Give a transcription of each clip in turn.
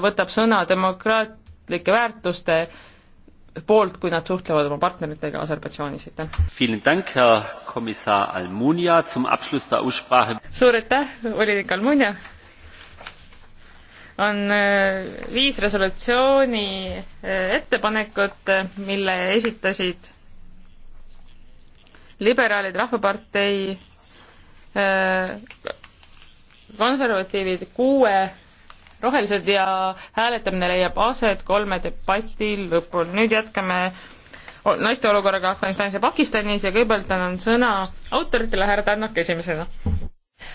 võtab sõna demokraatlike väärtuste poolt, kui nad suhtlevad oma partneritega Aserbaidžaanis, aitäh. suur aitäh, volinik Almunia. on äh, viis resolutsiooni äh, ettepanekut, äh, mille esitasid liberaalid, Rahvapartei, konservatiivid, kuue rohelised ja hääletamine leiab aset kolme debati lõpul. nüüd jätkame naiste olukorraga Afganistanis ja Pakistanis ja kõigepealt annan sõna autoritele, härra Tannak esimesena.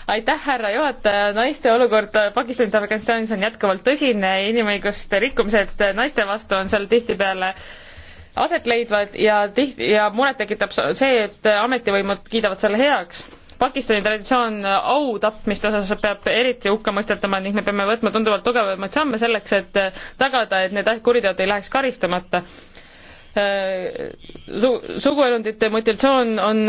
aitäh, härra juhataja, naiste olukord Pakistanis ja Afganistanis on jätkuvalt tõsine, inimõiguste rikkumised naiste vastu on seal tihtipeale aset leidvad ja tihti ja muret tekitab see, et ametivõimud kiidavad selle heaks Pakistani traditsioon au tapmiste osas peab eriti hukka mõistetama ning me peame võtma tunduvalt tugevamaid samme selleks, et tagada, et need kuriteod ei läheks karistamata. Äh, su-, suguelundite mutilatsioon on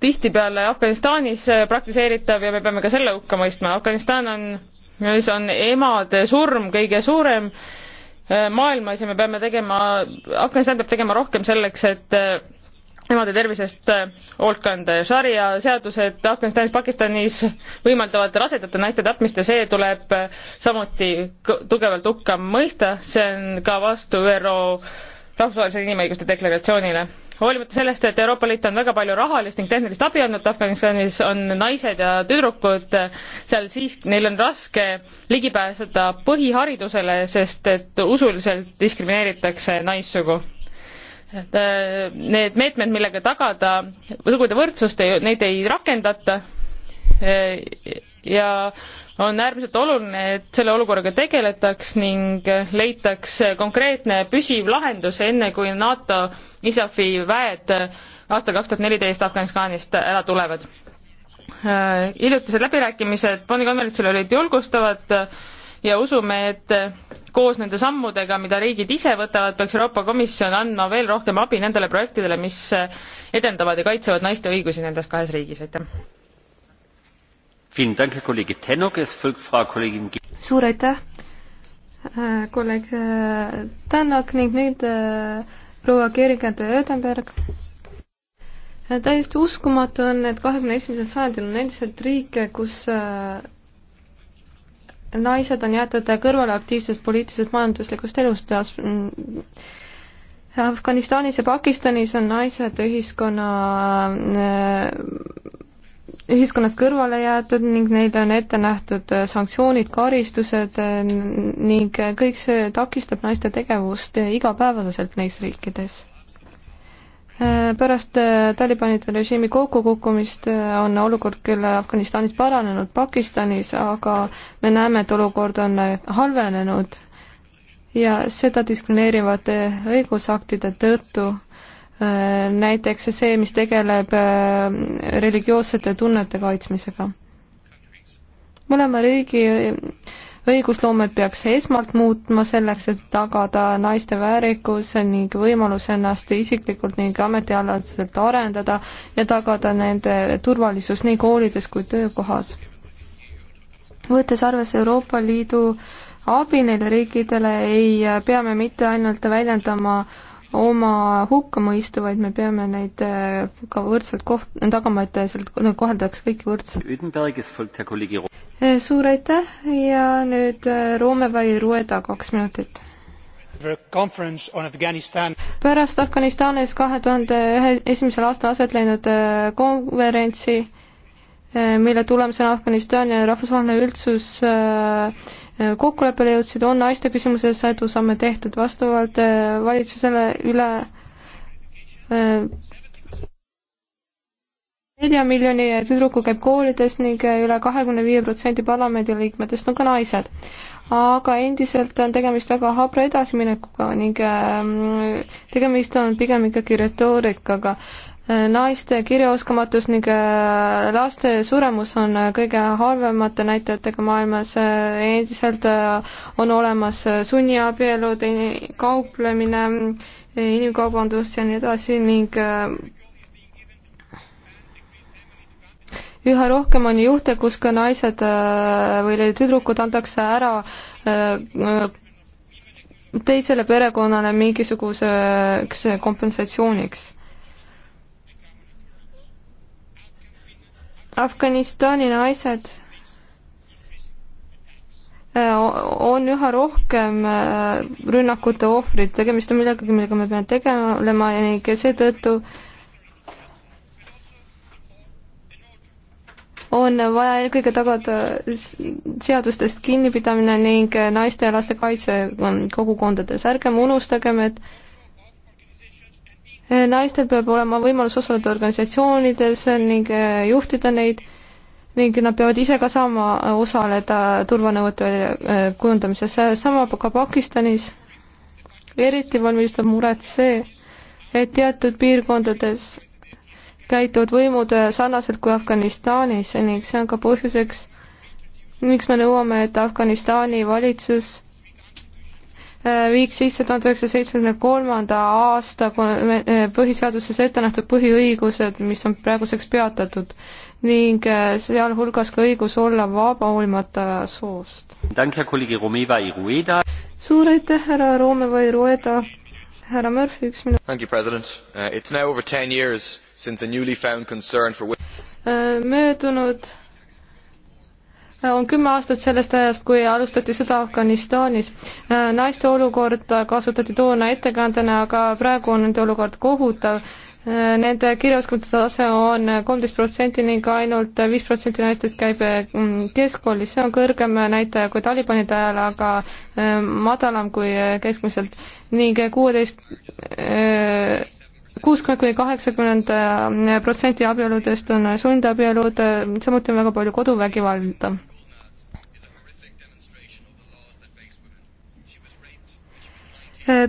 tihtipeale Afganistanis praktiseeritav ja me peame ka selle hukka mõistma. Afganistan on, see on emade surm kõige suurem äh, maailmas ja me peame tegema, Afganistan peab tegema rohkem selleks, et äh, emade tervisest hoolt äh, kanda ja šaria seadused Afganistanis, Pakistanis võimaldavad rasedate naiste tapmist ja see tuleb äh, samuti tugevalt hukka mõista, see on ka vastu ÜRO rahvusvahelisele inimõiguste deklaratsioonile. hoolimata sellest, et Euroopa Liit on väga palju rahalist ning tehnilist abi andnud Afganistanis, on naised ja tüdrukud äh, seal siiski, neil on raske ligi pääseda põhiharidusele, sest et usuliselt diskrimineeritakse naissugu Äh, need meetmed, millega tagada sugude võrdsust, neid ei rakendata äh, ja on äärmiselt oluline, et selle olukorraga tegeletaks ning leitaks konkreetne püsiv lahendus, enne kui NATO ISAF-i väed aastal kaks tuhat neliteist Afganistanist ära tulevad. Äh, hiljutised läbirääkimised Bonni konverentsil olid julgustavad ja usume, et koos nende sammudega, mida riigid ise võtavad, peaks Euroopa Komisjon andma veel rohkem abi nendele projektidele, mis edendavad ja kaitsevad naiste õigusi nendes kahes riigis, aitäh. suur aitäh, äh, kolleeg äh, Tänak ning nüüd äh, proua Gergende Ödenberg täiesti uskumatu on, et kahekümne esimesel sajandil on endiselt riike, kus naised on jäetud kõrvale aktiivsest poliitilisest majanduslikust elust ja Afganistanis ja Pakistanis on naised ühiskonna, äh, ühiskonnast kõrvale jäetud ning neile on ette nähtud sanktsioonid, karistused äh, ning kõik see takistab naiste tegevust igapäevaselt neis riikides Äh, pärast äh, Talibanide režiimi kokkukukkumist äh, on olukord küll Afganistanis paranenud, Pakistanis, aga me näeme, et olukord on halvenenud ja seda diskrimineerivate õigusaktide tõttu, näiteks see, mis tegeleb religioossete tunnete kaitsmisega. mõlema riigi õigusloomet peaks esmalt muutma selleks, et tagada naiste väärikus ning võimalus ennast isiklikult ning ametialaselt arendada ja tagada nende turvalisus nii koolides kui töökohas. võttes arvesse Euroopa Liidu abi neile riikidele, ei pea me mitte ainult väljendama oma hukkamõistu, vaid me peame neid äh, ka võrdselt koht-, tagama, et sealt koheldaks kõiki võrdselt. Äh, suur aitäh ja nüüd äh, Roome vai Rueda kaks minutit pärast Afganistanis kahe tuhande ühe, esimesel aastal aset leidnud konverentsi, mille tulemusena Afganistan ja rahvusvaheline üldsus Äh, kokkuleppele jõudsid, on naiste küsimuses edusamme tehtud vastavalt äh, valitsusele üle äh, nelja miljoni tüdruku käib koolides ning üle kahekümne viie protsendi parlamendiliikmetest on ka naised. aga endiselt on tegemist väga habra edasiminekuga ning ähm, tegemist on pigem ikkagi retoorikaga Äh, naiste kirjaoskamatus ning äh, laste suremus on äh, kõige halvemate näitajatega maailmas, endiselt on olemas sunniabielud, kauplemine, inimkaubandus ja nii edasi ning üha rohkem on juhte, kus ka naised või tüdrukud antakse ära teisele perekonnale mingisuguseks kompensatsiooniks Afganistani naised äh, on üha rohkem äh, rünnakute ohvrid, tegemist on millegagi, millega me peame tegelema ning seetõttu on vaja eelkõige tagada äh, seadustest kinnipidamine ning naiste ja laste kaitse kogukondades. ärgem unustagem, et naistel peab olema võimalus osaleda organisatsioonides ning eh, juhtida neid ning nad peavad ise ka saama osaleda turvanõuete eh, kujundamises, sama ka Pakistanis. eriti valmistab muret see, et teatud piirkondades käituvad võimud eh, sarnaselt kui Afganistanis ning see on ka põhjuseks, miks me nõuame, et Afganistani valitsus Äh, viiks sisse tuhande üheksasaja seitsmekümne kolmanda aasta äh, põhiseaduses ette nähtud põhiõigused, mis on praeguseks peatatud ning äh, sealhulgas ka õigus olla vaba hoolimata soost. suur aitäh, härra Romeva Irueda! härra Murphy, üks minut. Thank you, president uh,. It's now over ten years since a newly found concern for uh, möödunud on kümme aastat sellest ajast, kui alustati sõda Afganistanis. Äh, naiste olukorda kasutati toona ettekandena, aga praegu on nende olukord kohutav. Äh, nende kirjaoskuse tase on kolmteist protsenti ning ainult viis protsenti naistest käib mm, keskkoolis, see on kõrgem näitaja kui Talibanide ajal, aga äh, madalam kui keskmiselt ning kuueteist kuuskümmend kuni kaheksakümmend protsenti abieludest on sundabielud, samuti on väga palju koduvägivalda.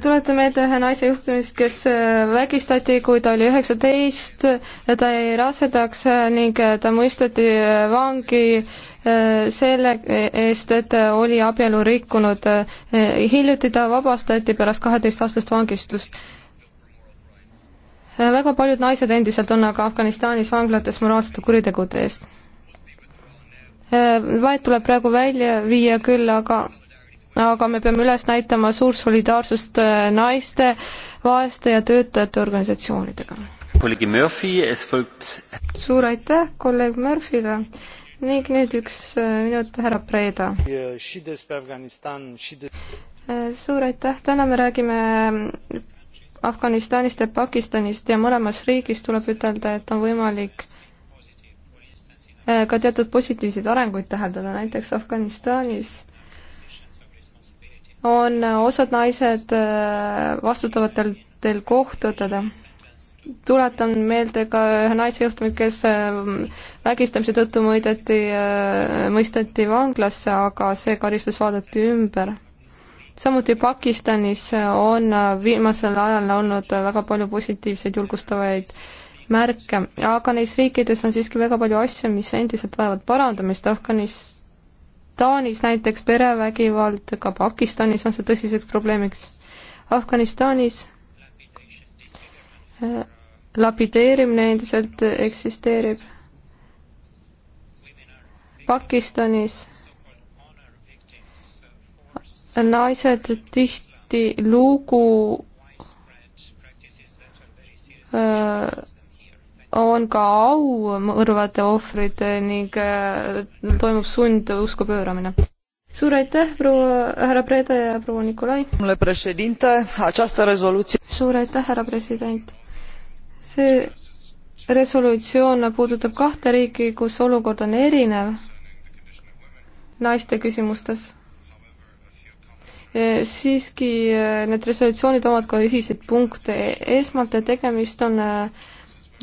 tuletan meelde ühe naise juhtumist, kes äh, vägistati, kui ta oli üheksateist, ta jäi rasedaks äh, ning äh, ta mõisteti vangi selle e, eest, et oli abielu rikkunud. hiljuti ta vabastati pärast kaheteistaastast vangistust. väga paljud naised endiselt on aga Afganistanis vanglates moraalsete kuritegude eest. vaid tuleb praegu välja viia küll, aga aga me peame üles näitama suurt solidaarsust äh, naiste, vaeste ja töötajate organisatsioonidega. suur aitäh kolleeg Murphy'le ning nüüd üks äh, minut härra Preda. Äh, suur aitäh, täna me räägime Afganistanist ja Pakistanist ja mõlemas riigis tuleb ütelda, et on võimalik ka teatud positiivseid arenguid täheldada, näiteks Afganistanis on osad naised äh, vastutavatel kohtadel. tuletan meelde ka ühe naise juhtumit, kes äh, vägistamise tõttu mõideti, äh, mõisteti vanglasse, aga see karistus vaadati ümber. samuti Pakistanis on viimasel ajal olnud väga palju positiivseid julgustavaid märke, aga neis riikides on siiski väga palju asju, mis endiselt vajavad parandamist, Afganist Taanis näiteks perevägivald, ka Pakistanis on see tõsiseks probleemiks. Afganistanis äh, lapideerimine endiselt eksisteerib. Pakistanis naised tihtilugu äh, on ka aumõrvade ohvrid ning äh, toimub sundusku pööramine. suur aitäh, proua, härra Preda ja proua Nikolai! suur aitäh, härra president! see resolutsioon puudutab kahte riiki, kus olukord on erinev naiste küsimustes. Eh, siiski eh, need resolutsioonid omavad ka ühiseid punkte, esmalt tegemist on äh,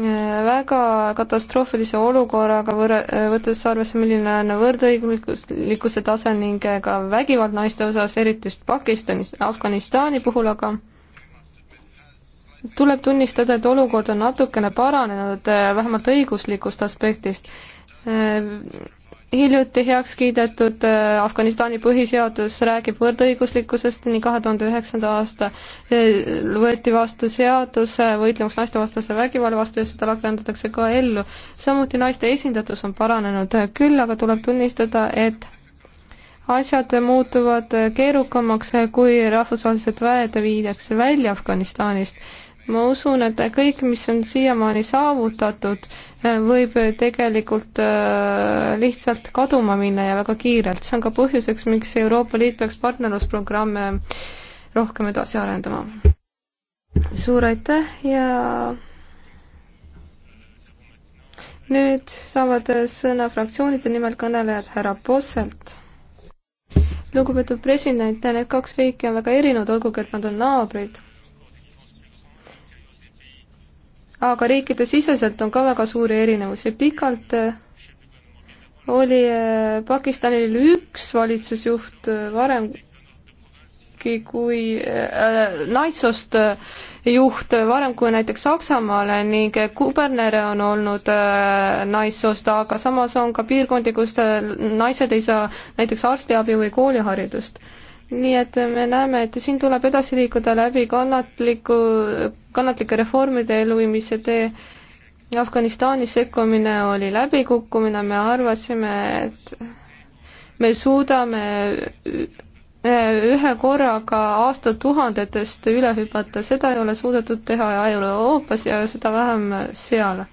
Äh, väga katastroofilise olukorraga võrra-, äh, võttes arvesse, milline on võrdõiguslikkuse tase ning äh, ka vägivald naiste osas, eriti just Pakistanis, Afganistani puhul aga tuleb tunnistada, et olukord on natukene paranenud, vähemalt õiguslikust aspektist hiljuti heaks kiidetud äh, Afganistani põhiseadus räägib võrdõiguslikkusest ning kahe tuhande üheksanda aasta äh, võeti vastu seadus äh, võitlemaks naistevastase vägivalla vastu ja seda rakendatakse ka ellu. samuti naiste esindatus on paranenud, küll aga tuleb tunnistada, et asjad muutuvad keerukamaks, kui rahvusvahelised väed viidakse välja Afganistanist ma usun, et kõik, mis on siiamaani saavutatud, äh, võib tegelikult äh, lihtsalt kaduma minna ja väga kiirelt. see on ka põhjuseks, miks Euroopa Liit peaks partnerlusprogramme rohkem edasi arendama. suur aitäh ja nüüd saavad sõna fraktsioonide nimel kõnelejad härra Posselt lugupeetud president, need kaks riiki on väga erinevad, olgugi et nad on naabrid aga riikide siseselt on ka väga suuri erinevusi. pikalt eh, oli eh, Pakistanil üks valitsusjuht eh, varemgi kui äh, naissoost juht varem kui näiteks Saksamaale ning kubernere on olnud äh, naissoost, aga samas on ka piirkondi, kus naised ei saa näiteks arstiabi või kooliharidust äh, nii et me näeme, et siin tuleb edasi liikuda läbi kannatliku, kannatlike reformide elluviimise tee. Afganistanis sekkumine oli läbikukkumine, me arvasime, et me suudame ühe korraga aastatuhandetest üle hüpata, seda ei ole suudetud teha Euroopas ja seda vähem seal.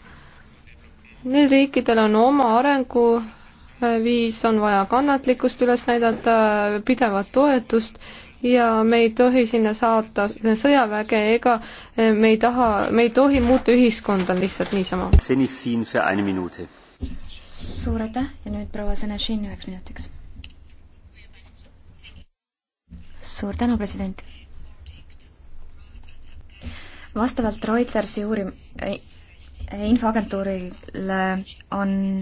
Neil riikidel on oma arengu viis on vaja kannatlikkust üles näidata, pidevat toetust ja me ei tohi sinna saata sõjaväge ega eh, me ei taha, me ei tohi muuta ühiskonda lihtsalt niisama. suur aitäh ja nüüd proua Senešin üheks minutiks. suur tänu, president. vastavalt Reutersi uurim- äh,, infoagentuurile on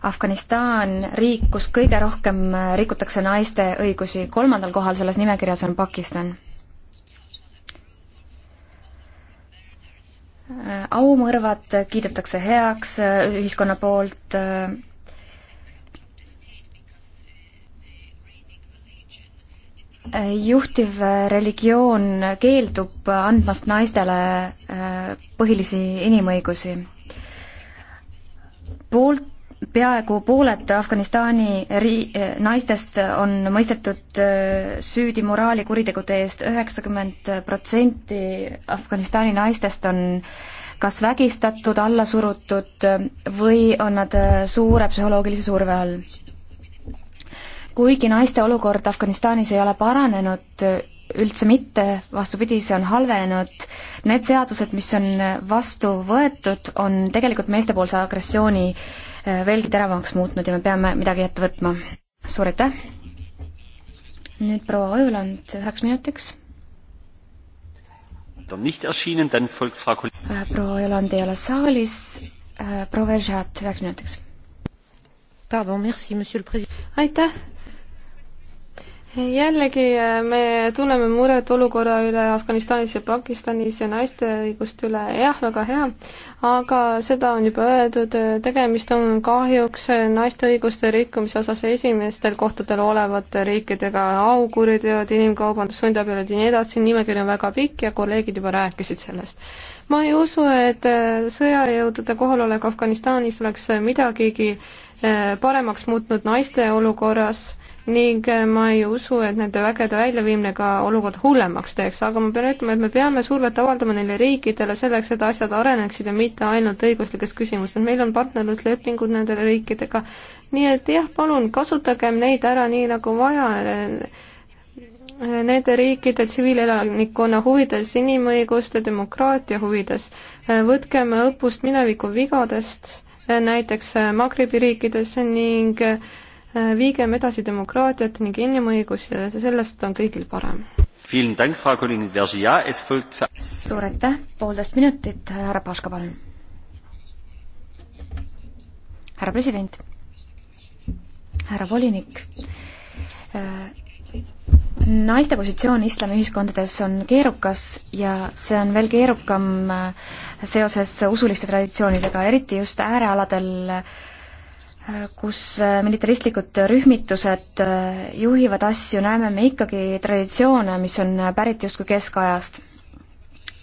Afganistan, riik, kus kõige rohkem äh, rikutakse naiste õigusi, kolmandal kohal selles nimekirjas on Pakistan. Äh, aumõrvad kiidetakse heaks äh, ühiskonna poolt, juhtiv religioon keeldub andmast naistele põhilisi inimõigusi. poolt peaaegu pooled Afganistani ri-, naistest on mõistetud äh, süüdi moraalikuritegude eest, üheksakümmend protsenti Afganistani naistest on kas vägistatud, alla surutud äh, või on nad äh, suure psühholoogilise surve all. kuigi naiste olukord Afganistanis ei ole paranenud, üldse mitte, vastupidi, see on halvenenud. Need seadused, mis on vastu võetud, on tegelikult meestepoolse agressiooni äh, Äh, veelgi teravamaks muutnud ja me peame midagi ette võtma. suur aitäh! nüüd proua Ojuland üheks minutiks. Äh, proua Ojuland ei ole saalis, äh, proua Veržat üheks minutiks. aitäh! jällegi me tunneme muret olukorra üle Afganistanis ja Pakistanis ja naiste õiguste üle, jah, väga hea, aga seda on juba öeldud, tegemist on kahjuks naiste õiguste rikkumise osas esimestel kohtadel olevate riikidega, aukuriteod, inimkaubandus, sundabielud ja nii edasi, nimekiri on väga pikk ja kolleegid juba rääkisid sellest. ma ei usu, et sõjajõudude kohalolek Afganistanis oleks midagigi eh, paremaks muutnud naiste olukorras ning äh, ma ei usu, et nende vägede väljaviimine ka olukorda hullemaks teeks, aga ma pean ütlema, et me peame survet avaldama neile riikidele selleks, et asjad areneksid ja mitte ainult õiguslikes küsimustes, meil on partnerluslepingud nende riikidega, nii et jah, palun kasutagem neid ära nii, nagu vaja äh, nende riikide tsiviilelanikkonna huvides, inimõiguste, demokraatia huvides. Äh, võtkem õppust mineviku vigadest, näiteks Magribi riikides ning Äh, viigem edasi demokraatiat ning inimõigusi, sellest on kõigil parem. suur aitäh, poolteist minutit, härra Paška, palun. härra president, härra volinik, äh, naiste positsioon islamiühiskondades on keerukas ja see on veel keerukam äh, seoses usuliste traditsioonidega, eriti just äärealadel äh, kus äh, militaristlikud rühmitused äh, juhivad asju, näeme me ikkagi traditsioone, mis on äh, pärit justkui keskajast.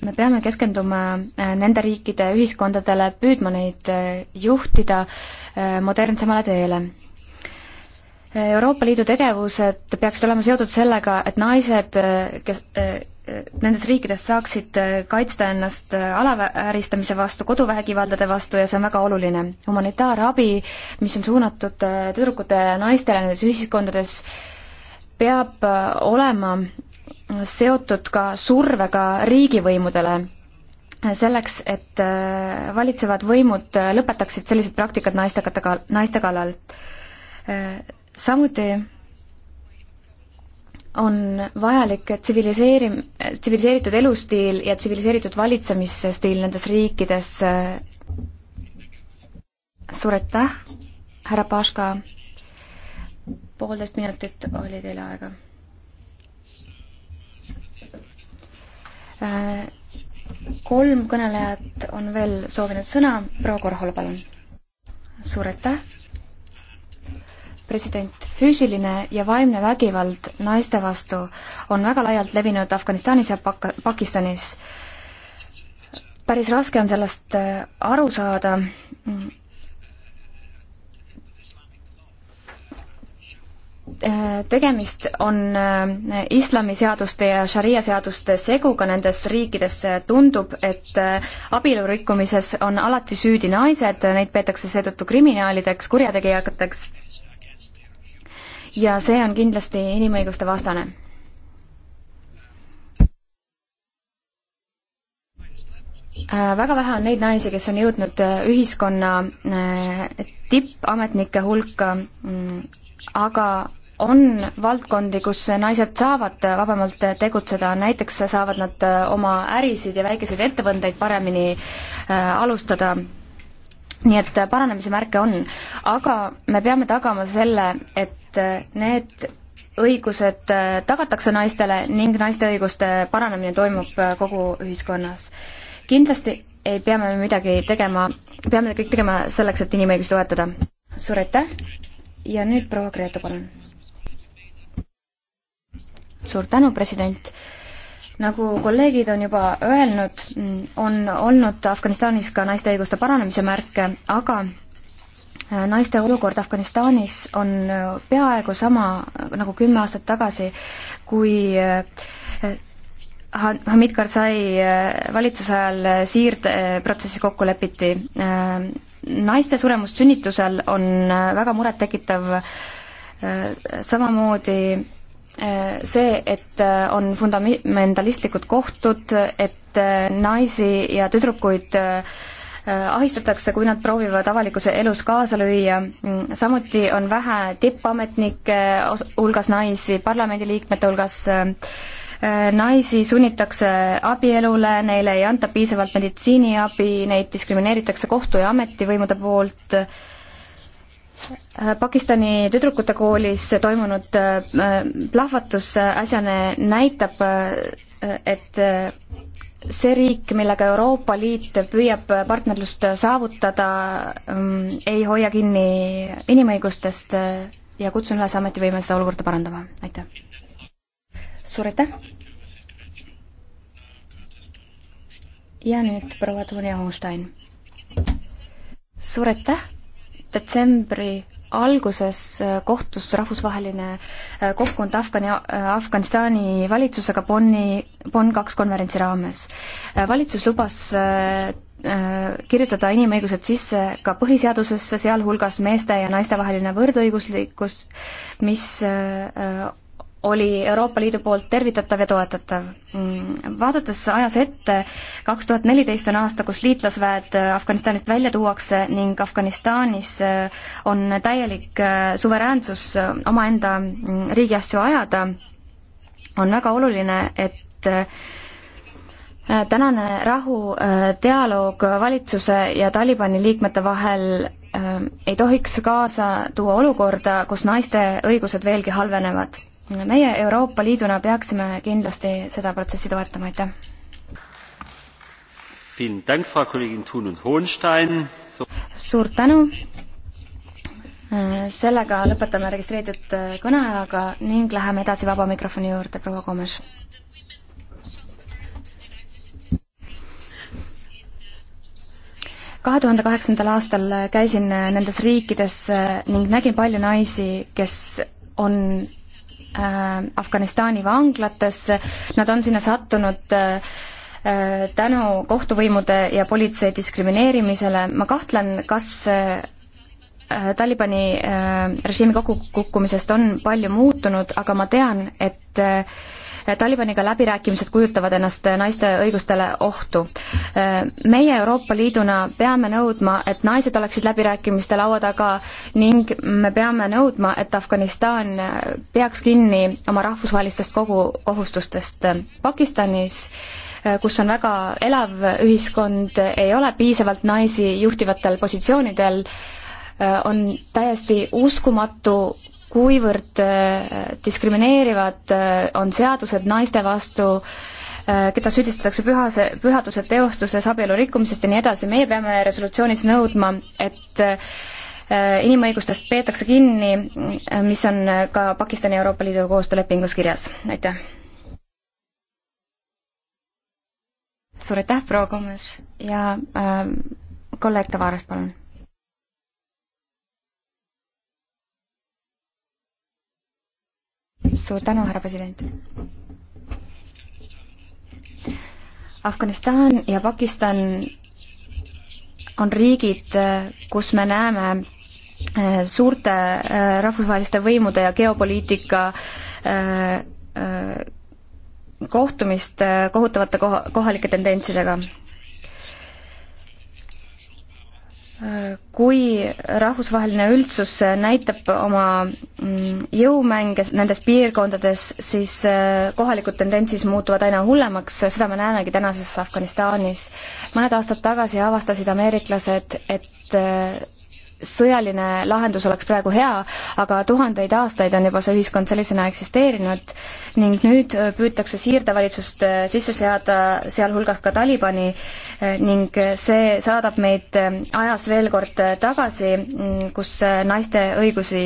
me peame keskenduma nende riikide ühiskondadele, püüdma neid juhtida modernsemale teele. Euroopa Liidu tegevused peaksid olema seotud sellega, et naised, kes nendes riikides saaksid äh, kaitsta ennast äh, alavääristamise vastu, koduvägivaldade vastu ja see on väga oluline. humanitaarabi, mis on suunatud äh, tüdrukutele ja naistele nendes ühiskondades, peab olema seotud ka survega riigivõimudele, selleks, et valitsevad võimud lõpetaksid sellised praktikad naiste, naiste kallal. samuti on vajalik tsiviliseerim-, tsiviliseeritud elustiil ja tsiviliseeritud valitsemisstiil nendes riikides. suur aitäh, härra Paška. poolteist minutit oli teil aega äh,. kolm kõnelejat on veel soovinud sõna, proua Korhol, palun. suur aitäh president, füüsiline ja vaimne vägivald naiste vastu on väga laialt levinud Afganistanis ja Pak-, Pakistanis. päris raske on sellest äh, aru saada, äh, tegemist on äh, islamiseaduste ja šaria seaduste seguga nendes riikides, tundub, et abielu rikkumises on alati süüdi naised, neid peetakse seetõttu kriminaalideks, kurjategijateks ja see on kindlasti inimõiguste vastane. Äh, väga vähe on neid naisi, kes on jõudnud äh, ühiskonna äh, tippametnike hulka, mm, aga on valdkondi, kus naised saavad vabamalt tegutseda, näiteks saavad nad oma ärisid ja väikeseid ettevõtteid paremini alustada nii et äh, paranemise märke on, aga me peame tagama selle, et äh, need õigused äh, tagatakse naistele ning naiste õiguste paranemine toimub kogu ühiskonnas. kindlasti ei pea me midagi tegema, peame kõik tegema selleks, et inimõigusi toetada. suur aitäh ja nüüd proua Gretu, palun. suur tänu, president nagu kolleegid on juba öelnud, on olnud Afganistanis ka naiste õiguste paranemise märke, aga äh, naiste olukord Afganistanis on äh, peaaegu sama äh, nagu kümme aastat tagasi, kui Hamid Karzai valitsuse ajal siirdeprotsessis kokku lepiti. naiste suremus sünnitusel on väga murettekitav, samamoodi see, et äh, on fundamentalistlikud kohtud, et äh, naisi ja tüdrukuid äh, ahistatakse, kui nad proovivad avalikus elus kaasa lüüa. samuti on vähe tippametnike hulgas naisi, parlamendiliikmete hulgas naisi sunnitakse abielule, neile ei anta piisavalt meditsiiniabi, neid diskrimineeritakse kohtu ja ametivõimude poolt Äh, Pakistani tüdrukute koolis toimunud äh, plahvatus äsjane äh, näitab, et see riik, millega Euroopa Liit püüab partnerlust saavutada, ähm, ei hoia kinni inimõigustest ja kutsun üles ametivõime seda olukorda parandama, aitäh. suur aitäh. ja nüüd proua Tuuli Hohenstein. suur aitäh detsembri alguses äh, kohtus rahvusvaheline äh, kokkund Afgani, äh, Afganistani valitsusega Bonni, Bonn kaks konverentsi raames. valitsus lubas kirjutada inimõigused sisse ka põhiseadusesse, sealhulgas meeste ja naiste vaheline võrdõiguslikkus, mis oli Euroopa Liidu poolt tervitatav ja toetatav. Vaadates ajas ette, kaks tuhat neliteist on aasta, kus liitlasväed Afganistanist välja tuuakse ning Afganistanis on täielik suveräänsus omaenda riigiasju ajada, on väga oluline, et tänane rahu, dialoog valitsuse ja Talibani liikmete vahel eh, ei tohiks kaasa tuua olukorda, kus naiste õigused veelgi halvenevad meie Euroopa Liiduna peaksime kindlasti seda protsessi toetama, aitäh! suur tänu! sellega lõpetame registreeritud kõneajaga ning läheme edasi vaba mikrofoni juurde, proua Komes. kahe tuhande kaheksandal aastal käisin nendes riikides ning nägin palju naisi, kes on Äh, Afganistani vanglatesse, nad on sinna sattunud äh, äh, tänu kohtuvõimude ja politsei diskrimineerimisele, ma kahtlen, kas Talibani režiimi kokkukukkumisest on palju muutunud, aga ma tean, et Talibaniga läbirääkimised kujutavad ennast naiste õigustele ohtu. meie Euroopa Liiduna peame nõudma, et naised oleksid läbirääkimiste laua taga ning me peame nõudma, et Afganistan peaks kinni oma rahvusvahelistest kogu kohustustest. Pakistanis kus on väga elav ühiskond, ei ole piisavalt naisi juhtivatel positsioonidel, on täiesti uskumatu kuivõrd äh, diskrimineerivad äh, on seadused naiste vastu, äh, keda süüdistatakse pühase, pühaduse teostuses, abielu rikkumisest ja nii edasi, meie peame resolutsioonis nõudma, et inimõigustest peetakse kinni, mis on ka Pakistani Euroopa Liidu koostöölepingus kirjas, aitäh. suur aitäh, proua Komes ja äh, kolleeg Tavares, palun suur tänu, härra president. Afganistan ja Pakistan on riigid, kus me näeme eh, suurte eh, rahvusvaheliste võimude ja geopoliitika eh, kohtumist kohutavate kohalike tendentsidega kui rahvusvaheline üldsus näitab oma mm, jõumänge nendes piirkondades, siis äh, kohalikud tendentsis muutuvad aina hullemaks, seda me näemegi tänases Afganistanis. mõned aastad tagasi avastasid ameeriklased, et äh, sõjaline lahendus oleks praegu hea, aga tuhandeid aastaid on juba see ühiskond sellisena eksisteerinud ning nüüd püütakse siirdevalitsust äh, sisse seada, sealhulgas ka Talibani, äh, ning see saadab meid äh, ajas veel kord tagasi, mm, kus naiste õigusi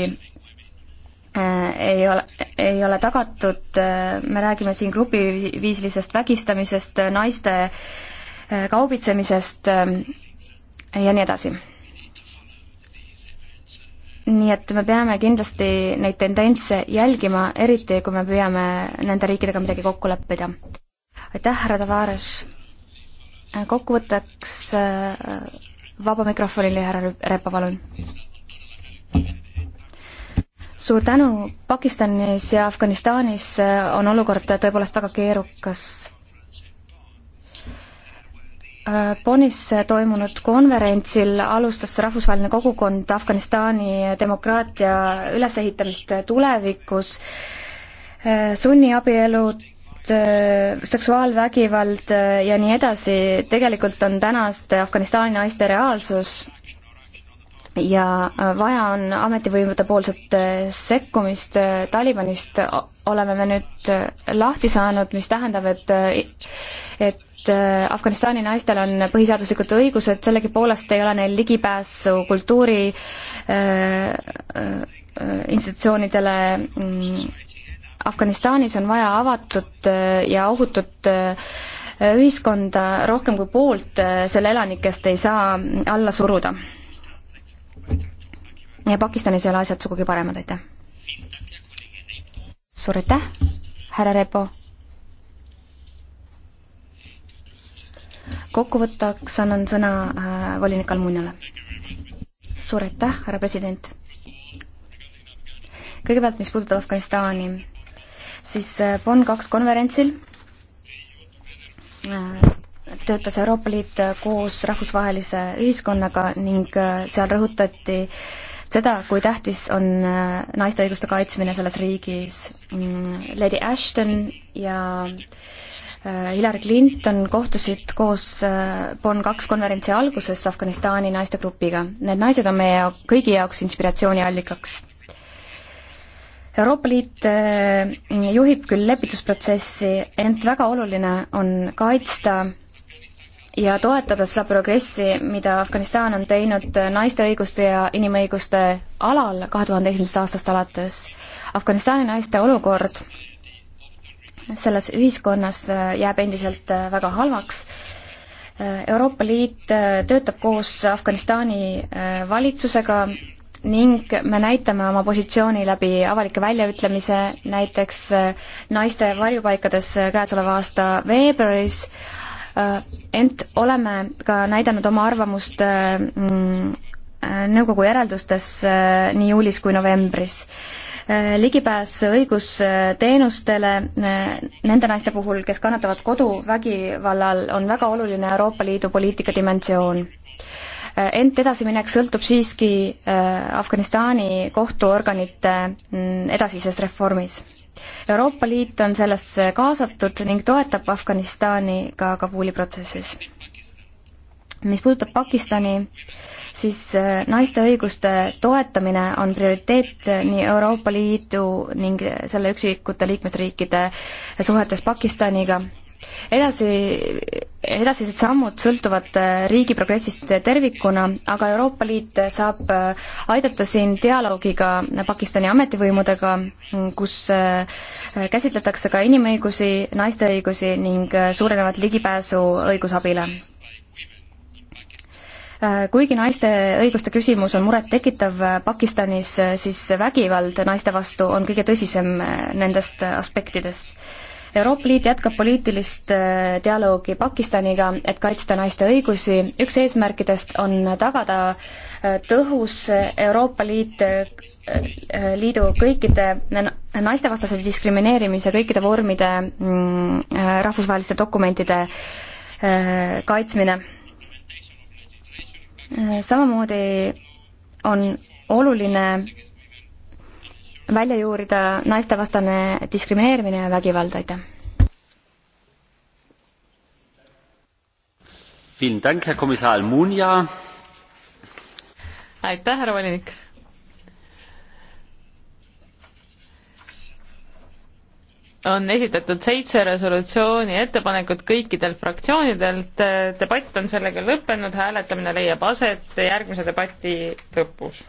ei ole, ei ole tagatud, me räägime siin grupiviisilisest vägistamisest, naiste kaubitsemisest ja nii edasi nii et me peame kindlasti neid tendentse jälgima, eriti kui me püüame nende riikidega midagi kokku leppida. aitäh, härra Tavares! kokkuvõtteks äh, vaba mikrofonile härra Repa, palun! suur tänu, Pakistanis ja Afganistanis äh, on olukord tõepoolest väga keerukas Äh, Bonis toimunud konverentsil alustas rahvusvaheline kogukond Afganistani demokraatia ülesehitamist tulevikus, äh, sunniabielud, äh, seksuaalvägivald ja nii edasi, tegelikult on tänaste Afganistani naiste reaalsus ja vaja on ametivõimude poolset sekkumist, Talibanist oleme me nüüd lahti saanud, mis tähendab, et et äh, Afganistani naistel on põhiseaduslikud õigused, sellegipoolest ei ole neil ligipääsu kultuuri äh, äh, institutsioonidele. Mm, Afganistanis on vaja avatud ja ohutut ühiskonda, rohkem kui poolt selle elanikest ei saa alla suruda. ja Pakistanis ei ole asjad sugugi paremad, aitäh. suur aitäh, härra Repo kokkuvõtteks annan sõna äh, volinik Almuniale. suur aitäh, härra president! kõigepealt, mis puudutab Afganistani, siis äh, Bonn kaks konverentsil äh, töötas Euroopa Liit äh, koos rahvusvahelise ühiskonnaga ning äh, seal rõhutati seda, kui tähtis on naiste õiguste kaitsmine selles riigis. Mm, Lady Ashton ja äh, Äh, Hillary Clinton kohtusid koos äh, Bonn kaks konverentsi alguses Afganistani naistegrupiga. Need naised on meie kõigi jaoks inspiratsiooniallikaks. Euroopa Liit äh, juhib küll lepitusprotsessi, ent väga oluline on kaitsta ja toetada seda progressi, mida Afganistan on teinud naiste õiguste ja inimõiguste alal kahe tuhande esimesest aastast alates. Afganistani naiste olukord selles ühiskonnas äh, jääb endiselt äh, väga halvaks. Äh, Euroopa Liit töötab koos Afganistani valitsusega ning me näitame oma positsiooni läbi avalike väljaütlemise, näiteks naiste varjupaikades käesoleva aasta veebruaris, ent oleme ka näidanud oma arvamust mm, nõukogu järeldustes nii juulis kui novembris Äh, ligipääs õigusteenustele äh, nende naiste puhul, kes kannatavad koduvägivallal, on väga oluline Euroopa Liidu poliitika dimensioon. Äh, ent edasiminek sõltub siiski Afganistani kohtuorganite mm, edasises reformis. Euroopa Liit on sellesse kaasatud ning toetab Afganistani ka Kabuli protsessis mis puudutab Pakistani, siis äh, naiste õiguste toetamine on prioriteet äh, nii Euroopa Liidu ning selle üksikute liikmesriikide suhetes Pakistaniga. edasi, edasised sammud sõltuvad äh, riigi progressist tervikuna, aga Euroopa Liit saab aidata siin dialoogiga Pakistani ametivõimudega, kus käsitletakse ka inimõigusi, naiste õigusi ning suurenevat ligipääsu õigusabile Äh, kuigi naiste õiguste küsimus on murettekitav äh, Pakistanis, äh, siis vägivald naiste vastu on kõige tõsisem nendest aspektidest. Euroopa Liit jätkab poliitilist dialoogi Pakistaniga, et kaitsta naiste õigusi. üks eesmärkidest on tagada tõhus Euroopa Liit, Liidu kõikide naistevastase diskrimineerimise kõikide vormide mm, rahvusvaheliste dokumentide kaitsmine samamoodi on oluline välja juurida naistevastane diskrimineerimine ja vägivald, aitäh. aitäh, härra volinik on esitatud seitse resolutsiooni ettepanekut kõikidelt fraktsioonidelt, debatt on sellega lõppenud, hääletamine leiab aset järgmise debati lõpus.